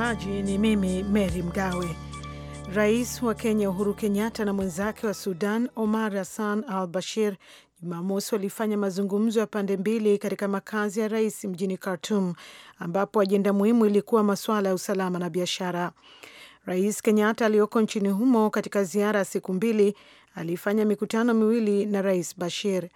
msomaji ni mimi Mary Mgawe. Rais wa Kenya Uhuru Kenyatta na mwenzake wa Sudan Omar Hassan al Bashir Jumamosi walifanya mazungumzo ya pande mbili katika makazi ya rais mjini Khartum, ambapo ajenda muhimu ilikuwa masuala ya usalama na biashara. Rais Kenyatta aliyoko nchini humo katika ziara ya siku mbili alifanya mikutano miwili na rais Bashir.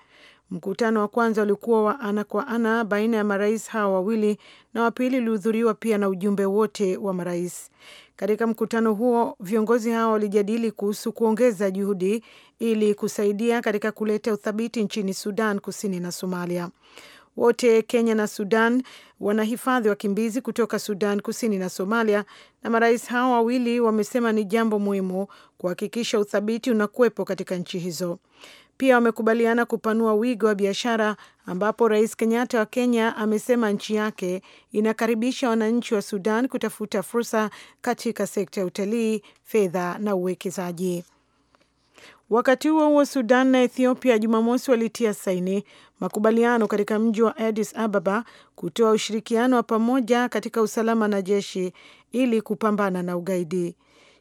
Mkutano wa kwanza ulikuwa wa ana kwa ana baina ya marais hawa wawili na wa pili ulihudhuriwa pia na ujumbe wote wa marais. Katika mkutano huo, viongozi hao walijadili kuhusu kuongeza juhudi ili kusaidia katika kuleta uthabiti nchini Sudan Kusini na Somalia. Wote Kenya na Sudan wanahifadhi wakimbizi kutoka Sudan Kusini na Somalia, na marais hao wawili wamesema ni jambo muhimu kuhakikisha uthabiti unakuwepo katika nchi hizo. Pia wamekubaliana kupanua wigo wa biashara ambapo Rais Kenyatta wa Kenya amesema nchi yake inakaribisha wananchi wa Sudan kutafuta fursa katika sekta ya utalii, fedha na uwekezaji. Wakati huo huo, Sudan na Ethiopia Jumamosi walitia saini makubaliano katika mji wa Addis Ababa kutoa ushirikiano wa pamoja katika usalama na jeshi ili kupambana na ugaidi.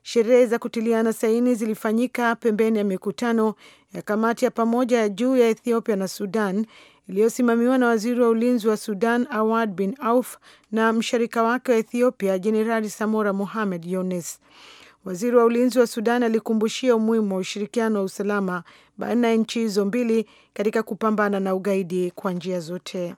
Sherehe za kutiliana saini zilifanyika pembeni ya mikutano ya kamati ya pamoja ya juu ya Ethiopia na Sudan iliyosimamiwa na waziri wa ulinzi wa Sudan Awad bin Auf na mshirika wake wa Ethiopia Jenerali Samora Mohamed yones Waziri wa ulinzi wa Sudan alikumbushia umuhimu wa ushirikiano wa usalama baina ya nchi hizo mbili katika kupambana na ugaidi kwa njia zote.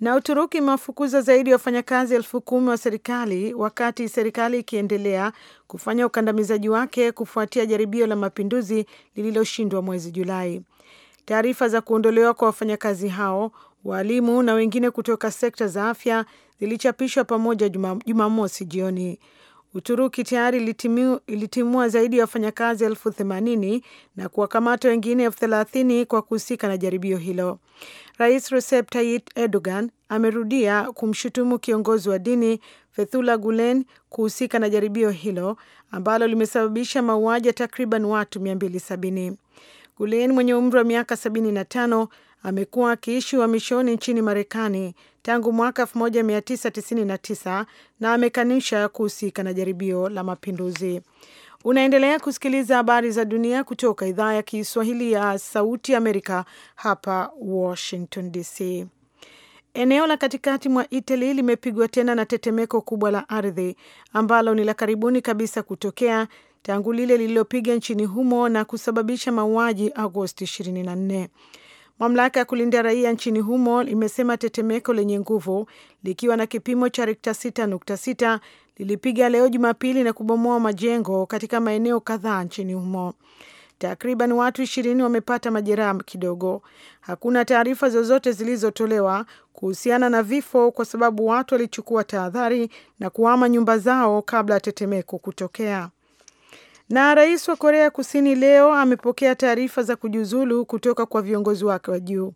Na Uturuki imewafukuza zaidi ya wafanyakazi elfu kumi wa serikali wakati serikali ikiendelea kufanya ukandamizaji wake kufuatia jaribio la mapinduzi lililoshindwa mwezi Julai. Taarifa za kuondolewa kwa wafanyakazi hao, waalimu na wengine kutoka sekta za afya zilichapishwa pamoja Jumamosi jioni. Uturuki tayari ilitimua zaidi ya wafanyakazi elfu themanini na kuwakamata wengine elfu thelathini kwa kuhusika na jaribio hilo. Rais Recep Tayyip Erdogan amerudia kumshutumu kiongozi wa dini Fethullah Gulen kuhusika na jaribio hilo ambalo limesababisha mauaji ya takriban watu 270. Gulen mwenye umri wa miaka 75 amekuwa akiishi uhamishoni nchini Marekani tangu mwaka 1999 na amekanisha kuhusika na jaribio la mapinduzi. Unaendelea kusikiliza habari za dunia kutoka idhaa ya Kiswahili ya Sauti Amerika hapa Washington DC. Eneo la katikati mwa itali limepigwa tena na tetemeko kubwa la ardhi ambalo ni la karibuni kabisa kutokea tangu lile lililopiga nchini humo na kusababisha mauaji Agosti 24. Mamlaka ya kulinda raia nchini humo imesema tetemeko lenye nguvu likiwa na kipimo cha rekta 6.6 lilipiga leo Jumapili na kubomoa majengo katika maeneo kadhaa nchini humo. Takriban watu ishirini wamepata majeraha kidogo. Hakuna taarifa zozote zilizotolewa kuhusiana na vifo, kwa sababu watu walichukua tahadhari na kuhama nyumba zao kabla ya tetemeko kutokea. Na rais wa Korea Kusini leo amepokea taarifa za kujiuzulu kutoka kwa viongozi wake wa juu.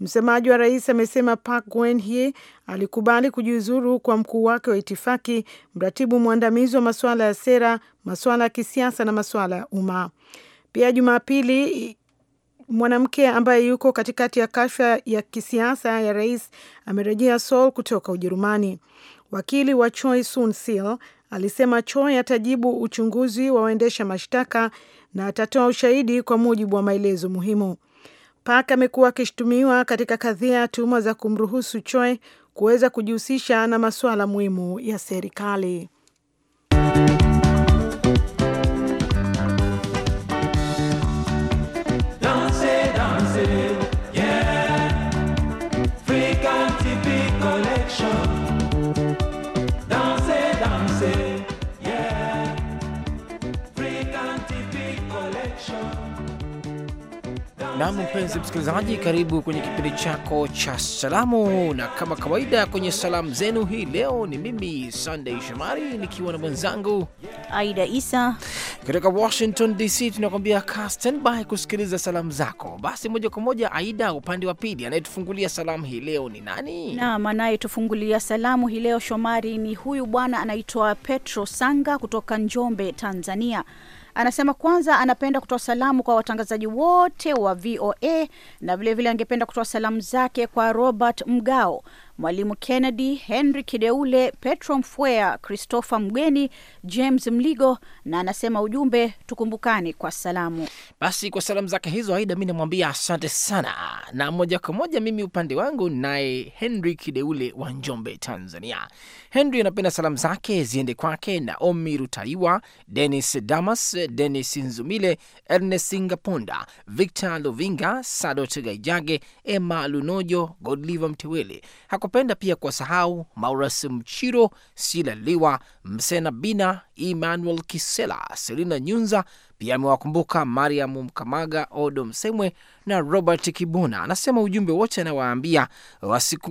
Msemaji wa rais amesema Park Geun-hye alikubali kujiuzuru kwa mkuu wake wa itifaki, mratibu mwandamizi wa masuala ya sera, masuala ya kisiasa na masuala ya umma. Pia Jumapili, mwanamke ambaye yuko katikati ya kashfa ya kisiasa ya rais amerejea Seoul kutoka Ujerumani. Wakili wa Choi Soon Sil Alisema Choi atajibu uchunguzi wa waendesha mashtaka na atatoa ushahidi kwa mujibu wa maelezo muhimu. Park amekuwa akishutumiwa katika kadhia ya tuhuma za kumruhusu Choi kuweza kujihusisha na masuala muhimu ya serikali. Nam, mpenzi msikilizaji, karibu kwenye kipindi chako cha salamu, na kama kawaida kwenye salamu zenu hii leo ni mimi Sunday Shomari nikiwa na mwenzangu Aida Isa kutoka Washington DC. Tunakwambia ka standby kusikiliza salamu zako. Basi moja kwa moja, Aida, upande wa pili anayetufungulia salamu hii leo ni nani? Nam, anayetufungulia salamu hii leo Shomari ni huyu bwana anaitwa Petro Sanga kutoka Njombe, Tanzania. Anasema kwanza anapenda kutoa salamu kwa watangazaji wote wa VOA na vilevile angependa kutoa salamu zake kwa Robert Mgao Mwalimu Kennedy, Henry Kideule, Petro Mfwea, Christopher mgweni James Mligo, na anasema ujumbe tukumbukane kwa salamu. Basi kwa salamu zake hizo, Aida, mi namwambia asante sana, na moja kwa moja mimi upande wangu naye Henry Kideule wa Njombe, Tanzania. Henry anapenda salamu zake ziende kwake Naomi Rutaiwa, Denis Damas, Denis Nzumile, Ernest Singaponda, Victor Lovinga, Sadot Gaijage, Emma Lunojo, Godliva Mtewele hako kupenda pia kuwasahau Mauras Mchiro, Sila Liwa, Msena Bina, Emmanuel Kisela, Selina Nyunza. Pia amewakumbuka Mariam Mkamaga, Odo Msemwe na Robert kibuna Anasema ujumbe wote anawaambia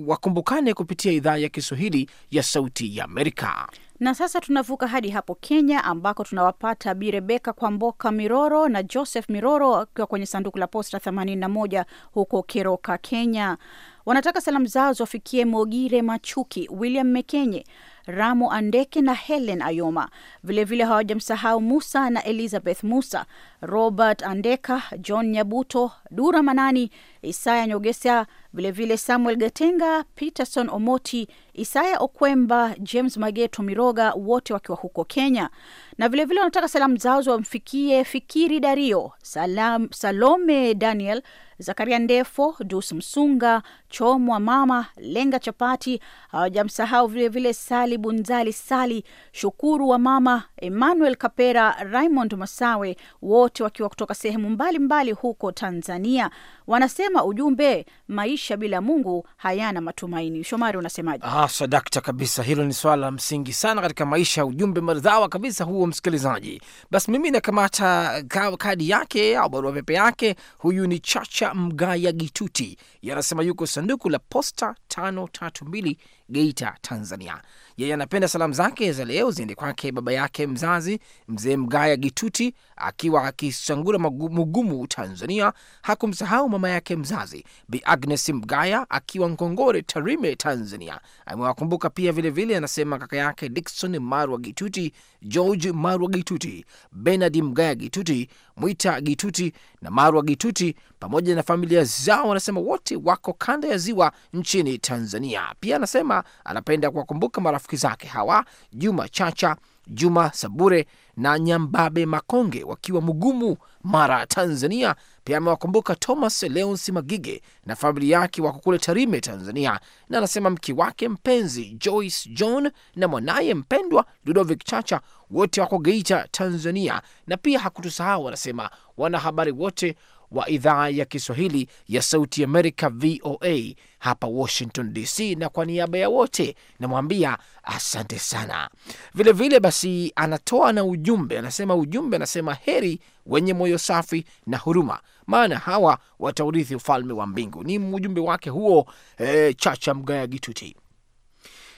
wakumbukane kupitia idhaa ya Kiswahili ya Sauti ya Amerika. Na sasa tunavuka hadi hapo Kenya ambako tunawapata Bi Rebeka Kwamboka Miroro na Joseph Miroro akiwa kwenye sanduku la posta 81 huko Keroka, Kenya. Wanataka salamu zao ziwafikie Mogire Machuki, William Mekenye, Ramo Andeke na Helen Ayoma. Vilevile hawajamsahau Musa na Elizabeth Musa, Robert Andeka, John Nyabuto, Dura Manani, Isaya nyogesa vilevile Samuel Gatenga, Peterson Omoti, Isaya Okwemba, James Mageto Miroga, wote wakiwa huko Kenya. Na vilevile wanataka salamu zao ziwamfikie Fikiri Dario, Salam, Salome Daniel, Zakaria Ndefo, Dus Msunga, Chomwa Mama, Lenga Chapati, hawajamsahau vilevile Sali Bunzali, Sali Shukuru wa Mama, Emmanuel Kapera, Raymond Masawe, wote wakiwa kutoka sehemu mbalimbali mbali huko Tanzania. Wanasema ujumbe, maisha bila Mungu hayana matumaini. Shomari, unasemaje? Haswa ah, dakta kabisa, hilo ni swala la msingi sana katika maisha, ujumbe maridhawa kabisa huo, msikilizaji. Basi mimi nakamata kadi yake au barua pepe yake. Huyu ni Chacha Mgaya Gituti yanasema yuko sanduku la posta 532 Geita, Tanzania. Yeye anapenda salamu zake za leo ziende kwake baba yake mzazi mzee Mgaya Gituti akiwa akisangura Mugumu, Tanzania. Hakumsahau mama yake mzazi Bi Agnes Mgaya akiwa Nkongore, Tarime, Tanzania. Amewakumbuka pia vilevile vile, anasema kaka yake Dikson Marwa Gituti, George Marwa Gituti, Benard Mgaya Gituti, Mwita Gituti na Marwa Gituti pamoja na familia zao, anasema wote wako kanda ya ziwa nchini Tanzania. Pia anasema anasema anapenda kuwakumbuka marafiki zake hawa Juma Chacha, Juma Sabure na Nyambabe Makonge wakiwa mgumu Mara, Tanzania. Pia amewakumbuka Thomas Leonsi Magige na familia yake wako kule Tarime, Tanzania, na anasema mke wake mpenzi Joyce John na mwanaye mpendwa Ludovic Chacha wote wako Geita, Tanzania, na pia hakutusahau, anasema wanahabari wote wa idhaa ya Kiswahili ya Sauti Amerika, VOA hapa Washington DC, na kwa niaba ya wote namwambia asante sana. Vilevile vile basi, anatoa na ujumbe, anasema ujumbe, anasema heri wenye moyo safi na huruma, maana hawa wataurithi ufalme wa mbingu. Ni ujumbe wake huo, e, Chacha Mgaya Gituti.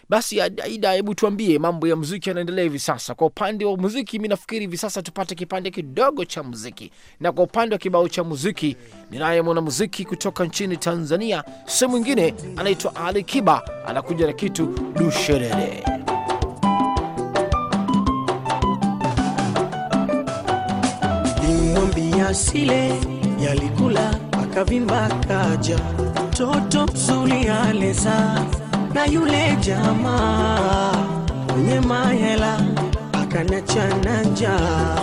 Basi Aida, hebu tuambie mambo ya muziki yanaendelea hivi sasa. Kwa upande wa muziki, mi nafikiri hivi sasa tupate kipande kidogo cha muziki, na kwa upande wa kibao cha muziki ninaye mwanamuziki kutoka nchini Tanzania, sehemu ingine anaitwa Ali Kiba, anakuja na kitu dusherere Nimwambia sile yalikula akavimba kaja toto mzuri na yule jamaa mwenye mahela akanachana njaa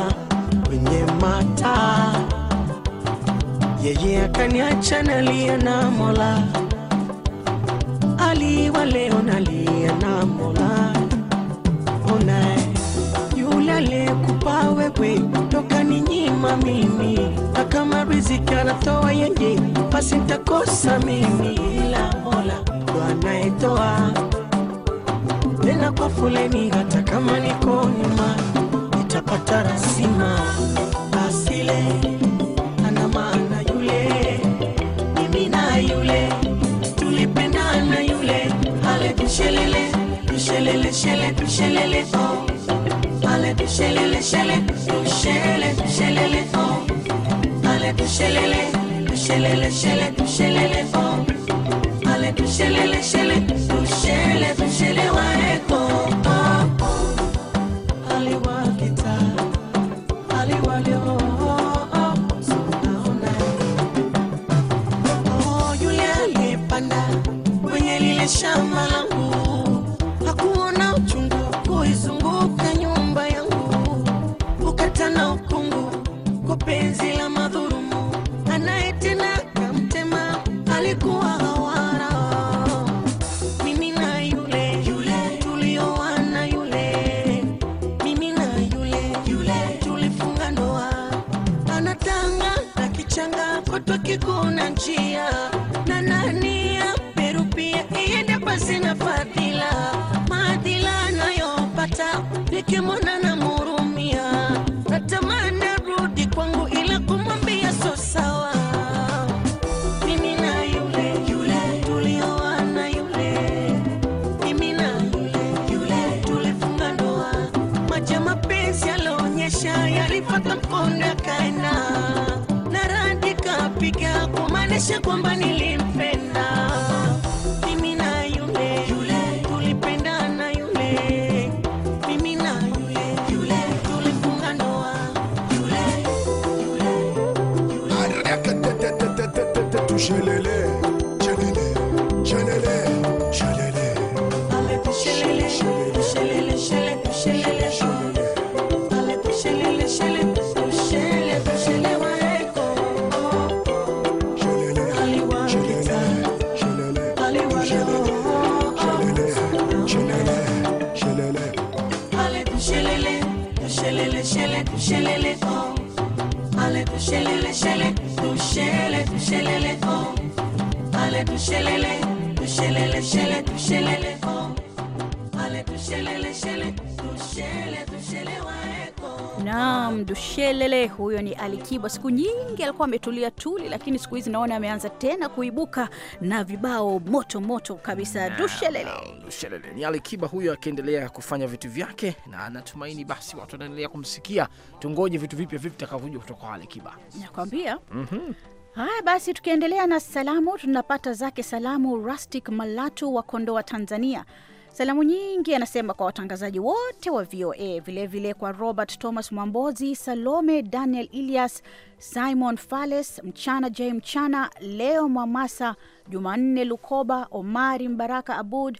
mata, yeye akaniacha nalia na Mola. Aliwa leo nalia na Mola. onae yule aliyekupa wewe toka ni nyima mimi, na kama riziki anatoa yeye, basi mimi la Mola bado anayetoa tena kwa foleni, hata kama niko nyuma nitapata rasima. Asile ana maana yule, mimi na yule tulipendana, yule ale tushelele tushelele shele tushelele oh, ale tushelele shele tushele tushelele oh, ale tushelele tushelele shele tushelele oh ṣẹlẹ̀ ṣẹlẹ̀ ṣẹlẹ̀ ṣẹlẹ̀ ṣẹlẹ̀ wá ẹ̀gbọ́n. Ay, qué mona nam shele oh. Ale shele Naam, dushelele huyo ni Alikiba. Siku nyingi alikuwa ametulia tuli, lakini siku hizi naona ameanza tena kuibuka na vibao moto moto kabisa. Dushelele, dushelele ni Alikiba huyo, akiendelea kufanya vitu vyake na anatumaini basi watu wanaendelea kumsikia. Tungoje vitu vipya vipi vitakavyokuja kutoka kwa Alikiba, nakwambia. mm -hmm. Haya basi, tukiendelea na salamu, tunapata zake salamu Rustic Malatu wa Kondoa, Tanzania. Salamu nyingi anasema kwa watangazaji wote wa VOA, vilevile kwa Robert Thomas Mwambozi, Salome Daniel, Elias Simon Fales, Mchana J Mchana, Leo Mwamasa, Jumanne Lukoba, Omari Mbaraka Abud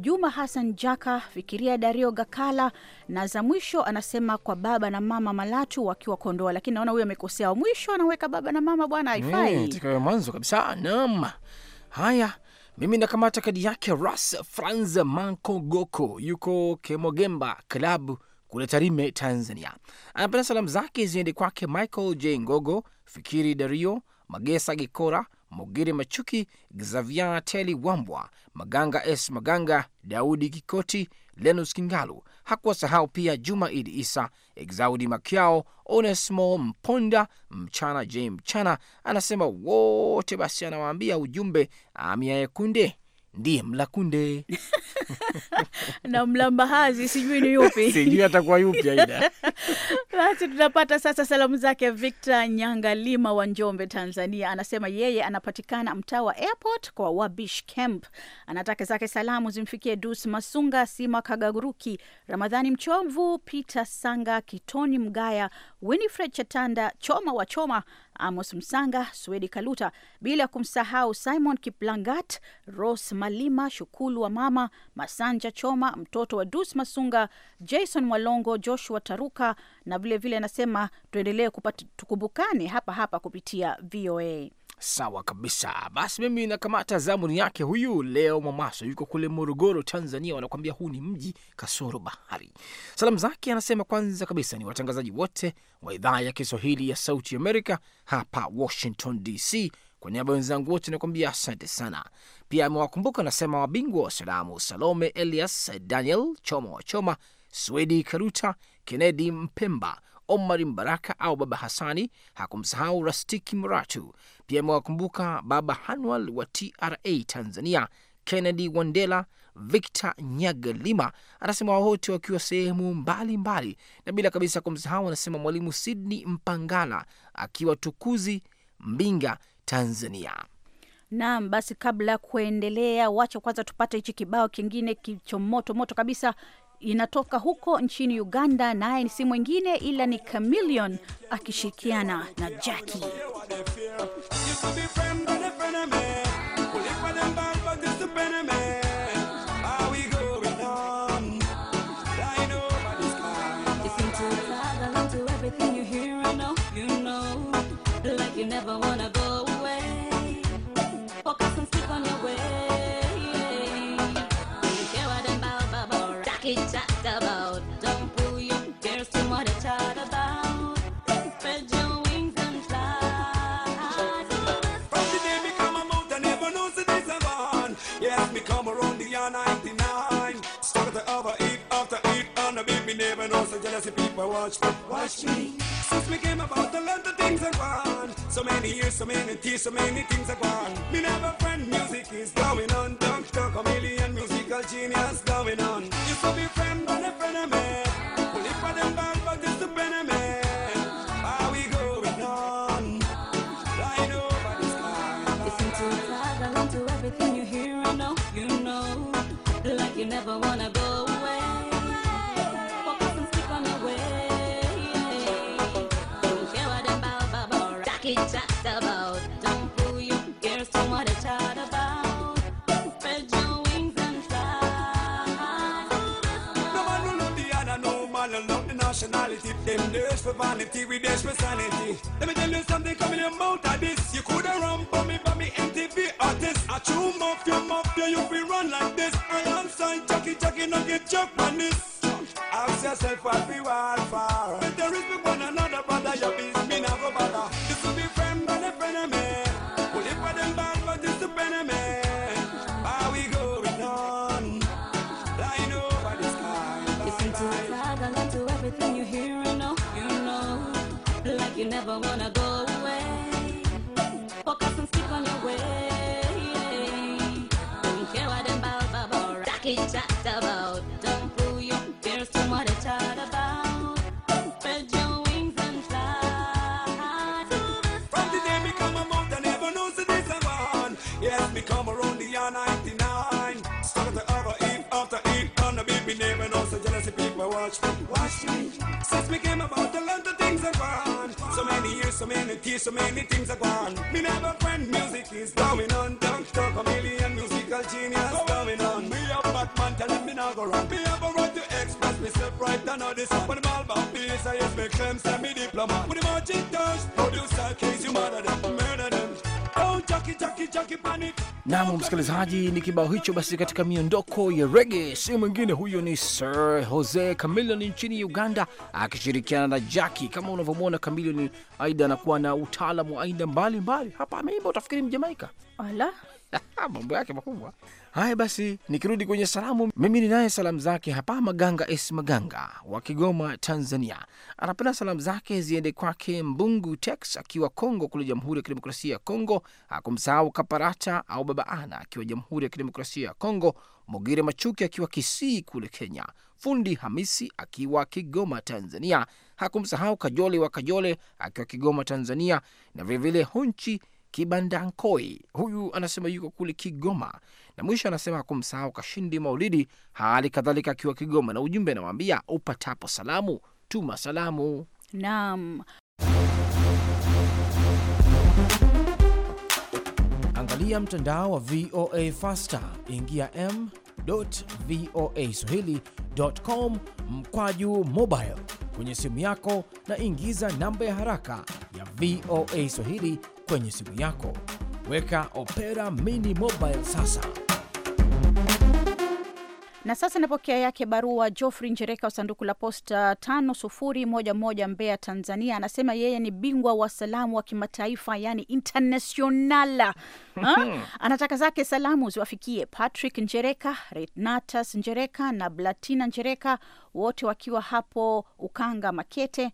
Juma Hassan Jaka, Fikiria Dario Gakala na za mwisho anasema kwa baba na mama Malatu wakiwa Kondoa, lakini naona huyo amekosea mwisho, anaweka baba na mama bwana, haifai mm, mwanzo kabisa. Naam, haya mimi nakamata kadi yake Ras Franz Mankogoko, yuko Kemogemba klabu kule Tarime, Tanzania. Anapenda salamu zake ziende kwake Michael J Ngogo, Fikiri Dario Magesa Gikora, Mugiri Machuki, Xavier Teli Wambwa, Maganga S Maganga, Daudi Kikoti, Lenus Kingalu. Hakuwasahau pia Juma Idi Isa, Exaudi Makiao, Onesmo Mponda, Mchana J Mchana. Anasema wote basi, anawaambia ujumbe, amia yekunde ndiye Mlakunde na Mlambahazi sijui ni yupi sijui atakuwa yupi aida. Basi tunapata sasa salamu zake Victor Nyangalima wa Njombe, Tanzania. Anasema yeye anapatikana mtaa wa airport kwa Wabish Camp. Anataka zake salamu zimfikie Dus Masunga, Sima kagaguruki Ramadhani Mchovu, Peter Sanga, Kitoni Mgaya, Winifred Chatanda, Choma wa Choma, Amos Msanga, Swedi Kaluta, bila kumsahau Simon Kiplangat, Ros Malima, Shukulu wa Mama Masanja Choma, mtoto wa Dus Masunga, Jason Mwalongo, Joshua Taruka, na vilevile anasema tuendelee tukumbukane hapa hapa kupitia VOA. Sawa kabisa. Basi mimi nakamata zamuni yake huyu leo. Mwamaso yuko kule Morogoro, Tanzania, wanakuambia huu ni mji kasoro bahari. Salamu zake anasema kwanza kabisa ni watangazaji wote wa idhaa ya Kiswahili ya Sauti Amerika hapa Washington DC. Kwa niaba wenzangu wote nakuambia asante sana. Pia amewakumbuka anasema wabingwa wa salamu, Salome Elias, Daniel Choma wa Choma, Swedi Karuta, Kennedy Mpemba Omar Mbaraka au Baba Hasani. Hakumsahau Rastiki Muratu. Pia amewakumbuka Baba Hanwal wa TRA Tanzania, Kennedy Wandela, Victor Nyagalima. Anasema wote wakiwa sehemu mbalimbali, na bila kabisa kumsahau, anasema Mwalimu Sidney Mpangala akiwa Tukuzi, Mbinga, Tanzania. Naam, basi kabla ya kuendelea, wacha kwanza tupate hichi kibao kingine kicho moto moto kabisa inatoka huko nchini Uganda, naye si mwingine ila ni Chameleone akishirikiana na Jackie. I people watch me, watch me. Since we came about to learn the things I want. So many years, so many tears, so many things are gone. Me never friend, music is going on. Don't talk a million musical genius going on. You to be friend, but a friend I me. Pull it for them talking just about. Don't fool your girls, from what it's all about. Spread your wings and fly. No man will love the other, no man will love the nationality. Them nerds for vanity, we dash for sanity. Let me tell you something coming your mouth at this. You coulda run for me, but me MTV artist. I chew mafia, mafia, you be run like this. I am Alongside Jackie, Jackie, no get choked on this. Ask yourself what we want for. But there is one another. Don't your fears to what about. Spread your wings and fly. From the day never know so this a one. Yes, around the year 99. after the never know so people watch me, Since me came about, a lot of things gone. So many years, so many tears, so many things are gone. Me never friend, music is going on. Don't talk a million musical genius. tell him me not go run. Me have a right to express myself right now. This this. When I'm all about peace, I just make claims that me diploma. When the marching touch, producer case you murder them, murder them. Nam msikilizaji, ni kibao hicho basi. Katika miondoko ya rege, si mwingine huyo ni Sir Jose Camillion nchini Uganda akishirikiana na Jackie. Kama unavyomwona Camillion, aidha anakuwa na utaalamu aina mbalimbali. Hapa ameimba utafikiri Mjamaika ala Ah, mambo yake makubwa haya. Basi nikirudi kwenye salamu, mimi ninaye salamu zake hapa Maganga Es Maganga wa Kigoma, Tanzania. Anapenda salamu zake ziende kwake Mbungu Tex akiwa Kongo kule Jamhuri ya Kidemokrasia ya Kongo, hakumsahau Kaparata au Baba Ana akiwa Jamhuri ya Kidemokrasia ya Kongo, Mogire Machuki akiwa Kisii kule Kenya, Fundi Hamisi akiwa Kigoma, Tanzania. Hakumsahau Kajole wa Kajole akiwa Kigoma, Tanzania, na vilevile Honchi Kibandankoi, huyu anasema yuko kule Kigoma, na mwisho anasema kumsahau Kashindi Maulidi hali kadhalika akiwa Kigoma, na ujumbe anawaambia upatapo salamu tuma salamu. Naam. Angalia mtandao wa VOA Fasta, ingia m.voaswahili.com mkwaju mobile kwenye simu yako na ingiza namba ya haraka ya VOA Swahili kwenye simu yako. Weka Opera Mini Mobile sasa. Na sasa napokea yake barua Geoffrey Njereka wa sanduku la posta 5011 Mbeya, Tanzania. Anasema yeye ni bingwa wa salamu wa kimataifa, yani internationala. Anataka zake salamu ziwafikie Patrick Njereka, Renatas Njereka na Blatina Njereka, wote wakiwa hapo Ukanga Makete.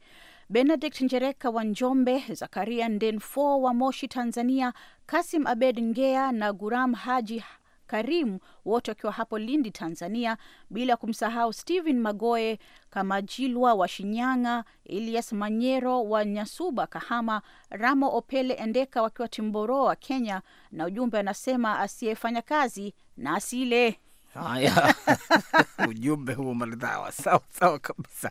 Benedict Njereka wa Njombe, Zakaria Ndenfo wa Moshi, Tanzania, Kasim Abed Ngea na Guram Haji Karimu, wote wakiwa hapo Lindi, Tanzania, bila kumsahau Stephen Magoe Kamajilwa wa Shinyanga, Elias Manyero wa Nyasuba, Kahama, Ramo Opele Endeka wakiwa Timboroa, Kenya, na ujumbe anasema asiyefanya kazi na asile. Haya, ujumbe huo maridhawa, sawa sawa kabisa.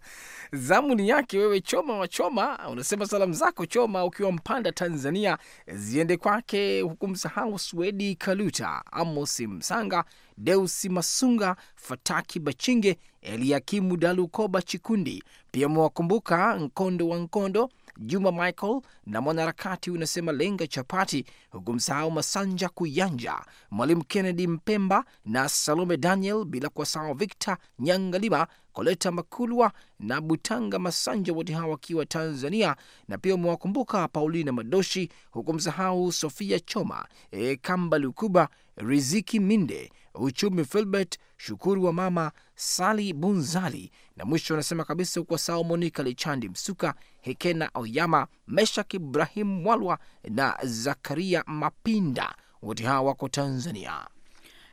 Zamu ni yake wewe, Choma wa Choma, unasema salamu zako Choma ukiwa Mpanda, Tanzania, ziende kwake huku, msahau Swedi Kaluta, Amosi Msanga, Deusi Masunga, Fataki Bachinge, Eliakimu Dalukoba Chikundi. Pia mwakumbuka Nkondo wa Nkondo Juma Michael na mwanaharakati unasema lenga chapati, huku msahau Masanja Kuyanja, Mwalimu Kennedy Mpemba na Salome Daniel, bila kuwasahau Victor Nyangalima, Koleta Makulwa na Butanga Masanja, wote hawa wakiwa Tanzania, na pia umewakumbuka Paulina Madoshi, huku msahau Sofia Choma, e, Kamba Lukuba, Riziki Minde, Uchumi Filbert Shukuru wa mama Sali Bunzali na mwisho anasema kabisa huko sao monika Lichandi Msuka, Hekena Oyama, Meshak Ibrahim Mwalwa na Zakaria Mapinda, wote hawa wako Tanzania.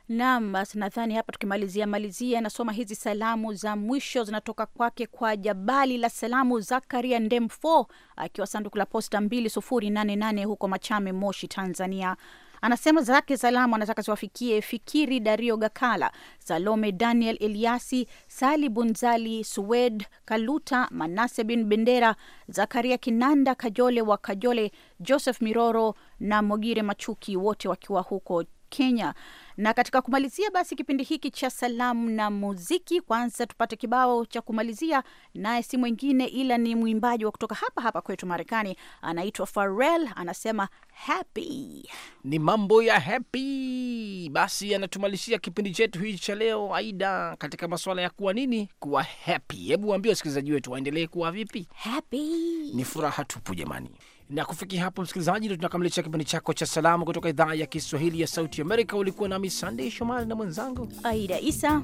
nam basi nadhani hapa tukimalizia malizia, nasoma hizi salamu za mwisho zinatoka kwake kwa Jabali la Salamu Zakaria Ndemfo akiwa sanduku la posta 288 huko Machame, Moshi, Tanzania. Anasema zake salamu anataka ziwafikie Fikiri Dario Gakala, Salome Daniel Eliasi, Sali Bunzali, Suwed Kaluta, Manase bin Bendera, Zakaria Kinanda Kajole wa Kajole, Joseph Miroro na Mogire Machuki, wote wakiwa huko Kenya. Na katika kumalizia basi kipindi hiki cha salamu na muziki, kwanza tupate kibao cha kumalizia, naye si mwingine ila ni mwimbaji wa kutoka hapa hapa kwetu Marekani, anaitwa Pharrell, anasema happy. Ni mambo ya happy. Basi anatumalizia kipindi chetu hichi cha leo, Aida, katika masuala ya kuwa nini, kuwa happy. Hebu waambie wasikilizaji wetu waendelee kuwa vipi happy. Ni furaha tupu jamani. Na kufikia hapo, msikilizaji, ndo tunakamilisha kipindi chako cha salamu kutoka idhaa ya Kiswahili ya Sauti Amerika. Ulikuwa nami Sandey Shomari na mwenzangu Aida Isa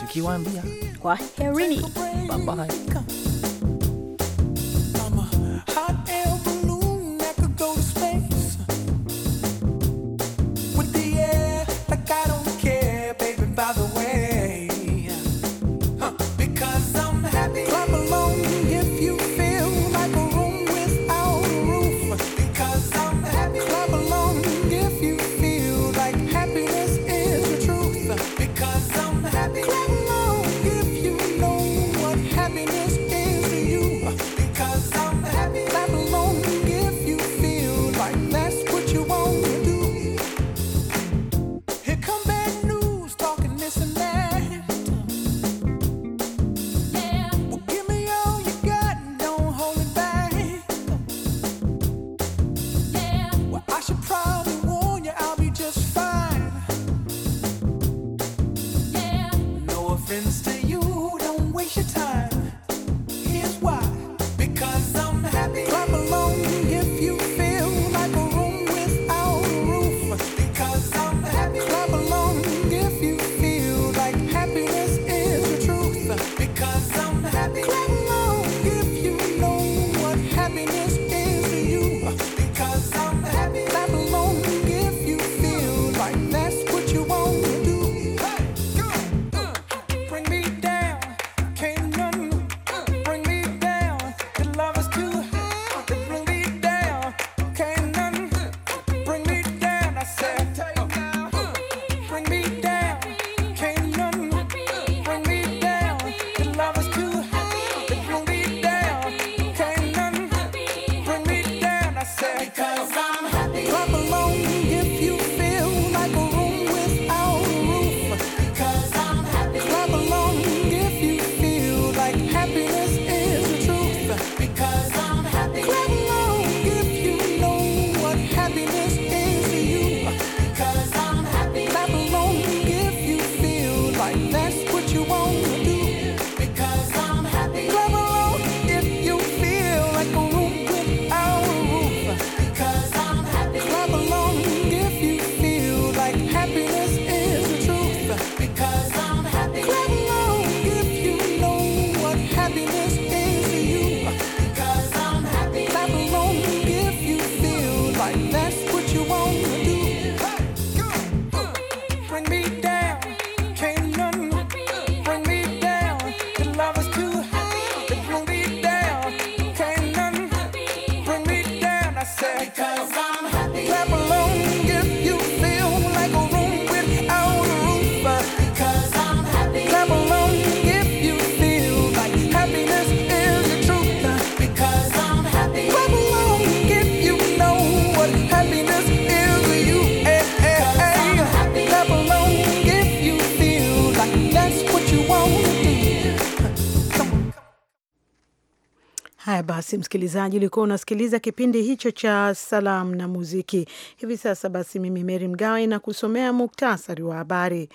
tukiwaambia kwa herini, bye bye. Haya basi, msikilizaji, ulikuwa unasikiliza kipindi hicho cha salamu na muziki. Hivi sasa basi, mimi Meri Mgawe nakusomea muktasari wa habari.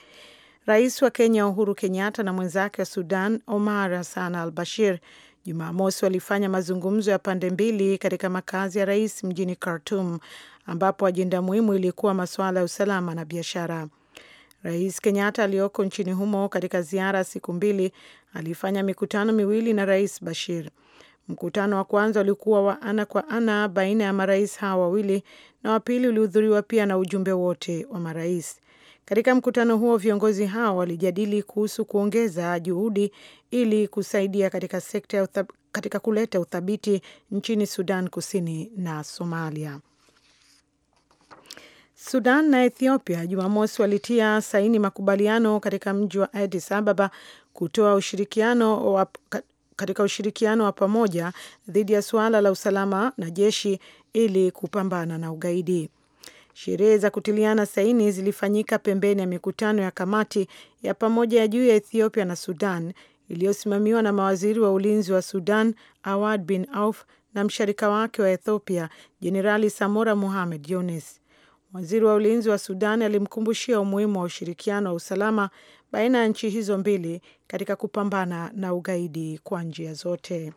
Rais wa Kenya Uhuru Kenyatta na mwenzake wa Sudan Omar Hassan al Bashir Jumamosi walifanya mazungumzo ya pande mbili katika makazi ya rais mjini Khartum, ambapo ajenda muhimu ilikuwa masuala ya usalama na biashara. Rais Kenyatta aliyoko nchini humo katika ziara ya siku mbili alifanya mikutano miwili na rais Bashir. Mkutano wa kwanza ulikuwa wa ana kwa ana baina ya marais hawa wawili na wa pili ulihudhuriwa pia na ujumbe wote wa marais. Katika mkutano huo, viongozi hao walijadili kuhusu kuongeza juhudi ili kusaidia katika sekta ya katika kuleta uthabiti nchini Sudan Kusini na Somalia. Sudan na Ethiopia Jumamosi walitia saini makubaliano katika mji wa Addis Ababa kutoa ushirikiano wa katika ushirikiano wa pamoja dhidi ya suala la usalama na jeshi ili kupambana na ugaidi. Sherehe za kutiliana saini zilifanyika pembeni ya mikutano ya kamati ya pamoja ya juu ya Ethiopia na Sudan iliyosimamiwa na mawaziri wa ulinzi wa Sudan Awad bin Auf na mshirika wake wa Ethiopia Jenerali Samora muhamed Younes. Waziri wa ulinzi wa Sudan alimkumbushia umuhimu wa ushirikiano wa usalama baina ya nchi hizo mbili katika kupambana na ugaidi kwa njia zote.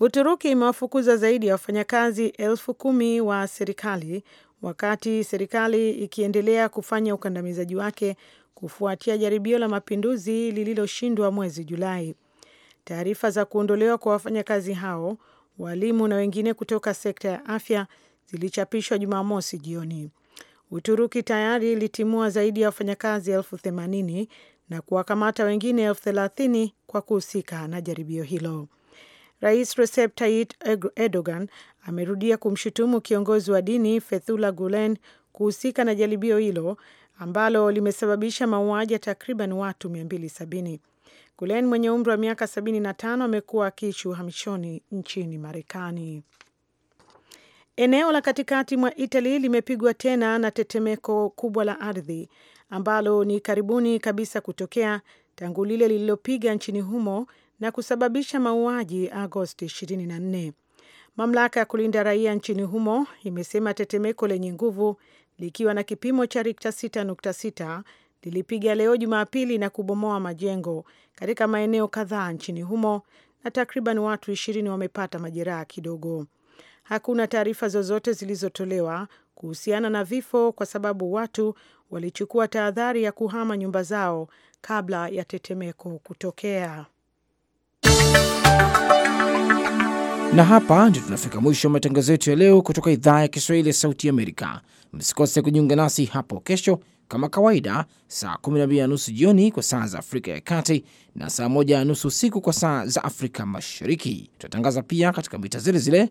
Uturuki imewafukuza zaidi ya wafanyakazi elfu kumi wa serikali wakati serikali ikiendelea kufanya ukandamizaji wake kufuatia jaribio la mapinduzi lililoshindwa mwezi Julai. Taarifa za kuondolewa kwa wafanyakazi hao, walimu na wengine kutoka sekta ya afya zilichapishwa Jumamosi jioni. Uturuki tayari ilitimua zaidi ya wafanyakazi elfu themanini na kuwakamata wengine elfu thelathini kwa kuhusika na jaribio hilo. Rais Recep Tayyip Erdogan amerudia kumshutumu kiongozi wa dini Fethullah Gulen kuhusika na jaribio hilo ambalo limesababisha mauaji ya takriban watu 270. Gulen mwenye umri wa miaka 75 amekuwa akiishi uhamishoni nchini Marekani. Eneo la katikati mwa Italy limepigwa tena na tetemeko kubwa la ardhi ambalo ni karibuni kabisa kutokea tangu lile lililopiga nchini humo na kusababisha mauaji Agosti 24. Mamlaka ya kulinda raia nchini humo imesema tetemeko lenye nguvu likiwa na kipimo cha Rikta 6.6 lilipiga leo Jumapili na kubomoa majengo katika maeneo kadhaa nchini humo na takriban watu ishirini wamepata majeraha kidogo. Hakuna taarifa zozote zilizotolewa kuhusiana na vifo kwa sababu watu walichukua tahadhari ya kuhama nyumba zao kabla ya tetemeko kutokea. Na hapa ndio tunafika mwisho wa matangazo yetu ya leo kutoka idhaa ya Kiswahili ya Sauti Amerika. Msikose kujiunga nasi hapo kesho kama kawaida, saa 12 na nusu jioni kwa saa za Afrika ya Kati na saa 1 na nusu usiku kwa saa za Afrika Mashariki. Tutatangaza pia katika mita zile zile